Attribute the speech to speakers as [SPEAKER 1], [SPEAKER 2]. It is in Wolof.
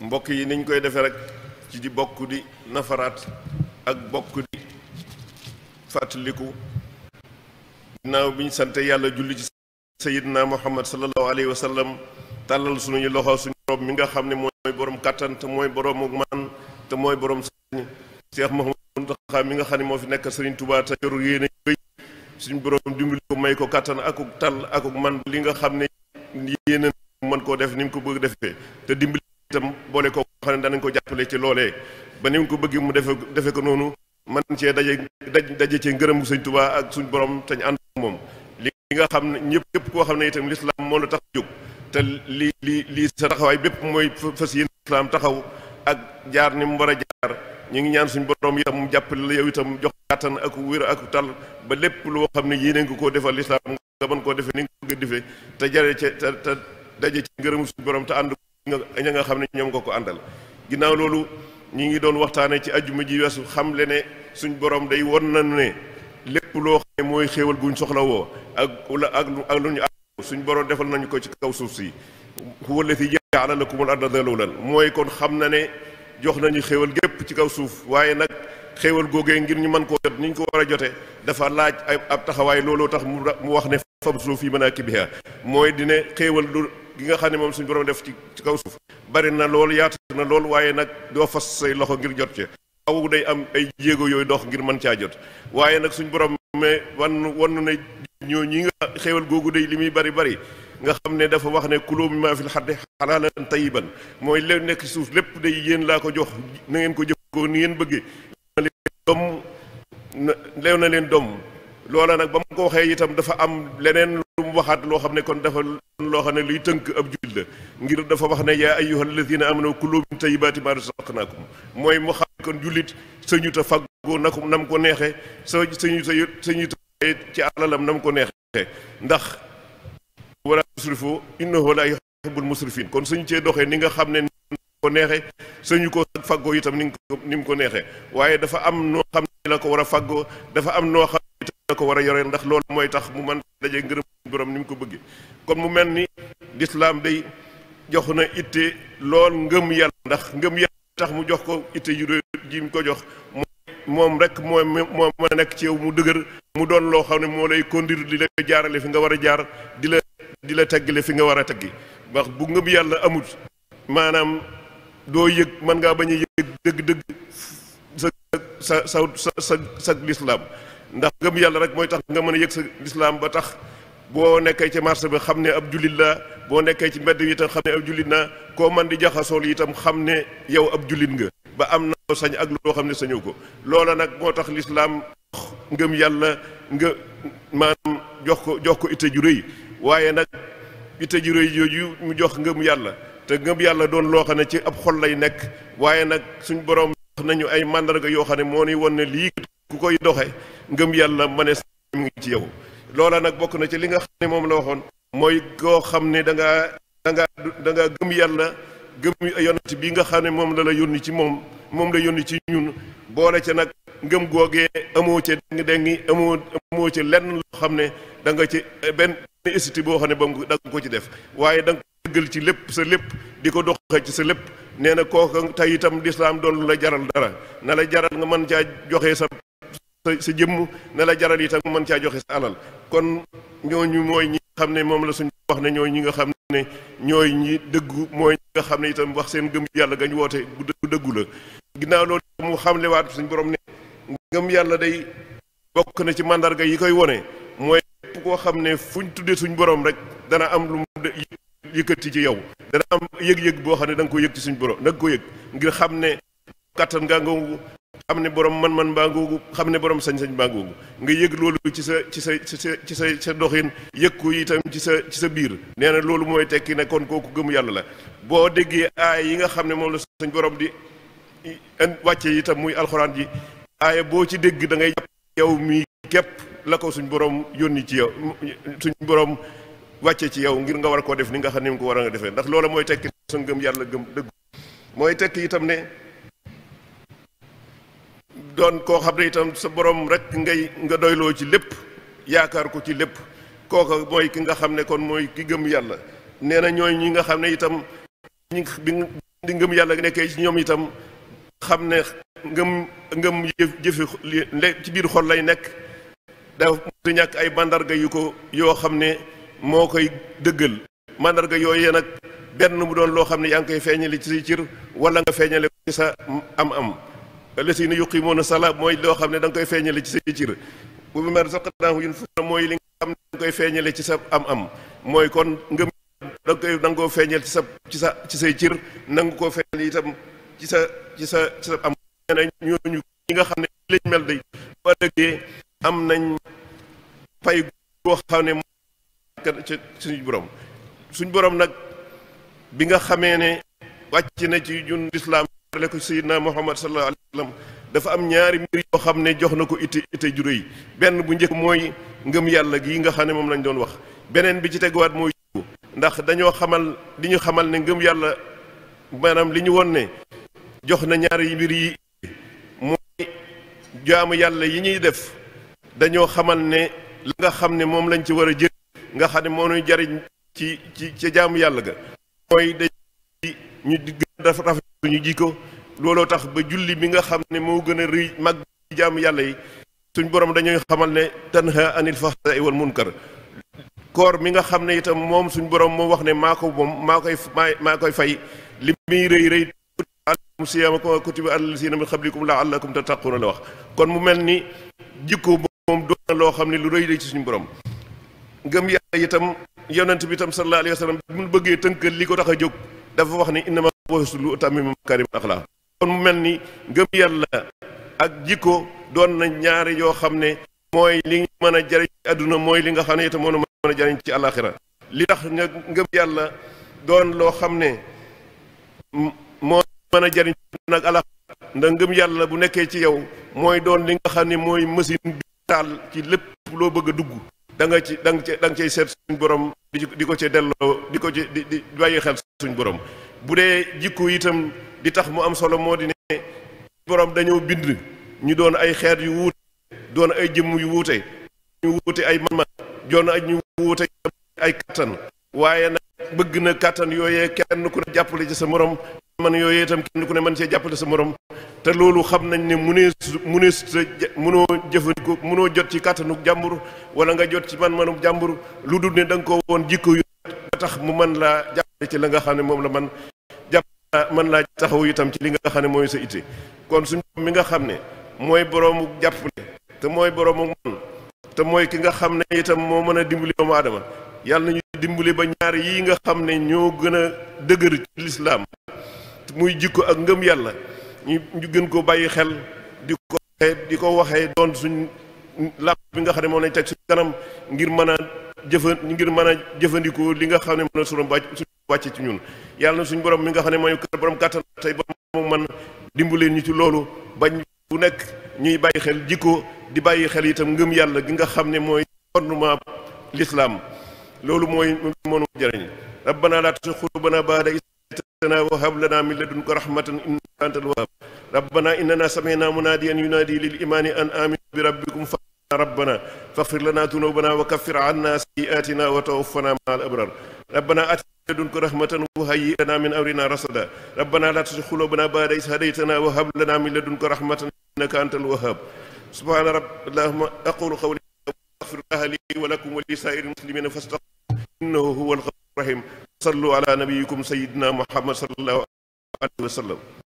[SPEAKER 1] mbokk yi niñ koy defee rek ci di bokk di nafaraat ak bokk di fàttaliku ginnaaw bi ñu sant yàlla julli ci sayidna muhammad sallallahu alayhi wa sallam tàllal suñuy loxo suñu borom mi nga xam ne mooy borom kàttan te mooy borom ak man te mooy borom sañ Cheikh Mouhamadou Mountakha mi nga xam ne moo fi nekk Serigne Touba te yoru yéene béy suñu borom dimbali ko may ko kàttan akuk tal akuk man li nga xam ne yéene mën koo def ni mu ko bëgg defee te dimbali itam boole koo xam ne danañ ko jàppale ci loole ba ni ko bëgg mu defe defe ko noonu man cee daje daj daje ci ngërëmu sëñ Tuubaa ak suñ borom te ñu moom li nga xam ne ñëpp képp koo xam ne itam lislaam moo la tax jóg te li li lii sa taxawaay bépp mooy fas yéen lislaam taxaw ak jaar ni mu war a ñu ngi ñaan suñ borom itam mu jàppale la yow itam jox kàttan ak wér ak tal ba lépp loo xam ne yéene nga koo defal lislaam nga mën koo defee ni nga ko bëgg te jare ca te te daje ci ngërëmu suñ borom te ànd ña nga xam ne ñoom nga ko àndal ginnaaw loolu ñu ngi doon waxtaane ci ajjuma ji wesu xam le ne suñ borom day won na ne lépp loo xam ne mooy xéewal guñ soxla woo ak wala ak ak lu ñu suñ borom defal nañu ko ci kaw suuf si huwa allati ja'ala lakumul arda zalulan mooy kon xam na ne jox nañu xéewal gépp ci kaw suuf waaye nag xéewal googee ngir ñu mën koo jot nu ñu ko war a jote dafa laaj ab taxawaay looloo tax mu wax ne fab suuf yi mën a kibiha mooy dine xéewal du gi nga xam ne moom suñ borom def ci ci kaw suuf bari na lool yaatu na lool waaye nag doo fas say loxo ngir jot ca aw day am ay jéego yooyu dox ngir mën caa jot waaye nag suñu boroom mais wan wan ne ñoo ñi nga xéewal googu dey li muy bari bari nga xam ne dafa wax ne fi mimmaa fil ardi halaalan tayyiban mooy leen nekk suuf lépp day yéen laa ko jox na ngeen ko jëfandikoo ni ngeen bëggee na leen na leen doom loola nag ba mu ko waxee itam dafa am leneen lu mu waxaat loo xam ne kon dafa loo xam ne luy tënk ab jullit la ngir dafa wax ne yaa ayyuha alladina amanu kulu min tayibaati ma razaqnaakum mooy mu xam kon jullit sañu ta faggoo na ko nam ko neexee sa sañu ta sañu ta ci alalam nam ko neexee ndax wala musrifu innahu la yuhibbul musrifin kon suñu cee doxee ni nga xam ne ko neexee sañu ko faggoo itam ni ko ni mu ko neexee waaye dafa am noo xam ne la ko war a faggoo dafa am noo xam ko war a yore ndax loolu mooy tax mu man daje ngërëm borom ni mu ko bëggee kon mu mel ni lislaam day jox na itte lool ngëm yàlla ndax ngëm yàlla tax mu jox ko itte yu rëy ji mu ko jox moom rek moo moo mën nekk ci yow mu dëgër mu doon loo xam ne moo lay conduire di la jaarale fi nga war a jaar di la di la teggale fi nga war a teggi wax bu ngëm yàlla amut maanaam doo yëg mën ngaa bañ a yëg dëgg-dëgg sa sa sa sa sa lislaam ndax ngëm yàlla rek mooy tax nga mën a yëg sa lislaam ba tax boo nekkee ci marché bi xam ne ab jullit la boo nekkee ci mbedd yi itam xam ne ab jullit na koo man di jaxasool itam xam ne yow ab jullit nga ba am na loo sañ ak loo xam ne sañoo ko loola nag moo tax lislaam jox ngëm yàlla nga maanaam jox ko jox ko itte ju rëy waaye nag itte ju rëy yooyu mu jox ngëm yàlla te ngëm yàlla doon loo xam ne ci ab xol lay nekk waaye nag suñ borom nañu ay màndarga yoo xam ne moo nuy won ne lii ku koy doxe ngëm yàlla mënees mi ngi ci yow loola nag bokk na ci li nga xam ne moom la waxoon mooy koo xam ne da ngaa da ngaa da ngaa gëm yàlla gëm yonent bi nga xam ne moom la la yónni ci moom moom la yónni ci ñun boole ca nag ngëm googee amoo ca déng-déngi amoo amoo ca lenn ne da nga ci benn hésité boo xam ne ba da nga ci def waaye da nga ko dëggal ci lépp sa lépp di ko doxee ci sa lépp nee na kooka tey itam lislaam doon la jaral dara na la jaral nga mën caa joxe sa sa sa jëmm na la jaral itam mën caa joxe sa alal kon ñooñu mooy ñi xam ne moom la suñ wax ne ñooy ñi nga xam ne ñooy ñi dëggu mooy ñi nga xam ne itam wax seen gëm yàlla ñu woote bu dëggu la ginnaaw loolu mu xamlewaat suñ borom ne ngëm yàlla day bokk na ci màndarga yi koy wone mooy koo xam ne fuñ tuddee suñu borom rek dana am lu mu yëkkati ci yow dana am yëg-yëg boo xam ne da nga ko yëg ci borom da yëg ngir xam ne kàttan nga nga xam ne boroom man-man baa ngoogu xam ne boroom sañ-sañ baa ngoogu nga yëg loolu ci sa ci sa ci sa ci sa sa doxin yëg ko itam ci sa ci sa biir nee na loolu mooy tekki ne kon kooku gëm yàlla la boo déggee aay yi nga xam ne moom la suñ boroom di wàcce itam muy alxuraan ji aaya boo ci dégg dangay ngay jàpp yow mii képp la ko suñ borom yónni ci yow suñ borom wàcce ci yow ngir nga war koo def ni nga xam ne mu ko war a nga defee ndax loola mooy tekki sa ngëm yàlla gëm dëgg doon koo xam ne itam sa borom rek ngay nga doyloo ci lépp yaakaar ko ci lépp kooka mooy ki nga xam ne kon mooy ki gëm yàlla nee na ñooy ñi nga xam ne itam ñi bi di ngëm yàlla nekkee ci ñoom itam xam ne ngëm ngëm jëf jëfi ci biir xol lay nekk dafa mu ñàkk ay mandarga yu ko yoo xam ne moo koy dëggal mandarga yooyee nag benn mu doon loo xam ne yaa ngi koy feeñale ci say cir wala nga feeñale ko ci sa am am allazina yuqimuna sala mooy loo xam ne da nga koy feeñale ci say cir wa mimma razaqnahum yunfiquna mooy li nga xam ne da nga koy feeñale ci sa am-am mooy kon ngëm da nga koy da nga feeñal ci sa ci sa ci say cir nanga koo feeñal itam ci sa ci sa ci sa am nee na nga xam ne lañ mel day bu ëllëgee am nañ pay goo xam ne ci suñu borom suñu borom nag bi nga xamee ne wàcc na ci ñun lislaam le ko naa Muhammad sallallahu sallam dafa am ñaari mbir yoo xam ne jox na ko ite ite ju rëy benn bu njëkk mooy ngëm yàlla gi nga xam ne moom lañu doon wax beneen bi ci teguwaat mooy ndax dañoo xamal li ñu xamal ne ngëm yàlla maanaam li ñu won ne jox na ñaari mbir yi mooy jaamu yàlla yi ñuy def dañoo xamal ne li nga xam ne moom lañ ci war a jël nga xam ne moo ñuy jariñ ci ci ca jaamu yàlla ga mooy dañuy ñu gën a rafet suñu jikko looloo tax ba julli mi nga xam ne moo gën a rëy mag jaamu yàlla yi suñ borom dañuy xamal ne tanha anil fahsai wal munkar koor mi nga xam ne itam moom suñ borom moom wax ne maa ko moom maa koy maa koy fay li muy rëy rëy mu siyaama ko kutiba allasina min qablikum laallakum tattaquuna la wax kon mu mel ni jikko moom doon na loo xam ne lu rëy ci suñu borom ngëm yàlla itam yonent bi itam sallallahu alayhi wa sallam bu ñu bëggee tënkal li ko tax a jóg dafa wax ne innama bu'istu li utammima makaarimal axlaaq kon mu mel ni ngëm yàlla ak jikko doon na ñaari yoo xam ne mooy li mën a jariñ ci àdduna mooy li nga xam ne itam moo mën a jariñ ci àllaaxira li tax nga ngëm yàlla doon loo xam ne moo mën a jariñ ci àdduna ak àllaaxira ndax bu nekkee ci yow mooy doon li nga xam ne mooy machine bi taal ci lépp loo bëgg a dugg da nga ci da nga da nga cay seet suñ borom di ko ci delloo di ko ci di di bàyyi xel suñ borom bu dee jikko itam di tax mu am solo moo di ne borom dañoo bind ñu doon ay xeet yu wuute doon ay jëmm yu wuute ñu wuute ay man joon doon ay ñu wuute ay kattan waaye nag bëgg na kattan yooyee kenn ku ne jàppale ci sa morom man yooyee itam kenn ku ne mën cee jàppale sa te loolu xam nañ ne mu nee mu nee mënoo jëfandikoo mënoo jot ci kàttanuk jàmbur wala nga jot ci man-manuk jàmbur lu dul ne danga ko woon jikko yu ba tax mu mën laa jàppale ci la nga xam ne moom la man Ah, man laa taxaw itam ci li nga xam ne mooy sa itte kon suñu mi nga xam ne mooy boroomu jàpp ne te mooy boroomu man te mooy ki nga xam ne itam moo mën a dimbali doomu aadama yàlla nañu dimbali ba ñaar yi nga xam ne ñoo gën a dëgër ci lislaam muy jikko ak ngëm yàlla ñu gën ko bàyyi xel di ko waxee di ko waxee doon suñ làpp bi nga xam ne moom lañ teg suñ kanam ngir mën a jëfa ngir mën a jëfandikoo li nga xam ne mën a wàcce ci ñun yàlla na suñu borom mi nga xam ne mooy kër borom kàttan tey borom man dimbaleen ñu ci loolu bañ bu nekk ñuy bàyyi xel jikko di bàyyi xel itam ngëm yàlla gi nga xam ne mooy fondement lislaam loolu mooy mënu jëriñ rabbana laa tuzigh quluubana ba idh hadaytana wa hab lana min ladunka rahmatan innaka antal wahhab rabbana innana sami'na munaadiyan yunaadi lil imaani an aaminu bi rabbikum fa rabbana faghfir lana dhunubana wa kaffir 'anna sayyi'atina wa tawaffana ma'al abrar rabbana لدنك رحمة وهيئ لنا من أمرنا رشدا ربنا لا تزغ قلوبنا بعد إذ هديتنا وهب لنا من لدنك رحمة إنك أنت الوهاب سبحان رب اللهم أقول قولي أستغفر الله لي ولكم ولسائر المسلمين فاستغفروا إنه هو الغفور الرحيم صلوا على نبيكم سيدنا محمد صلى الله عليه وسلم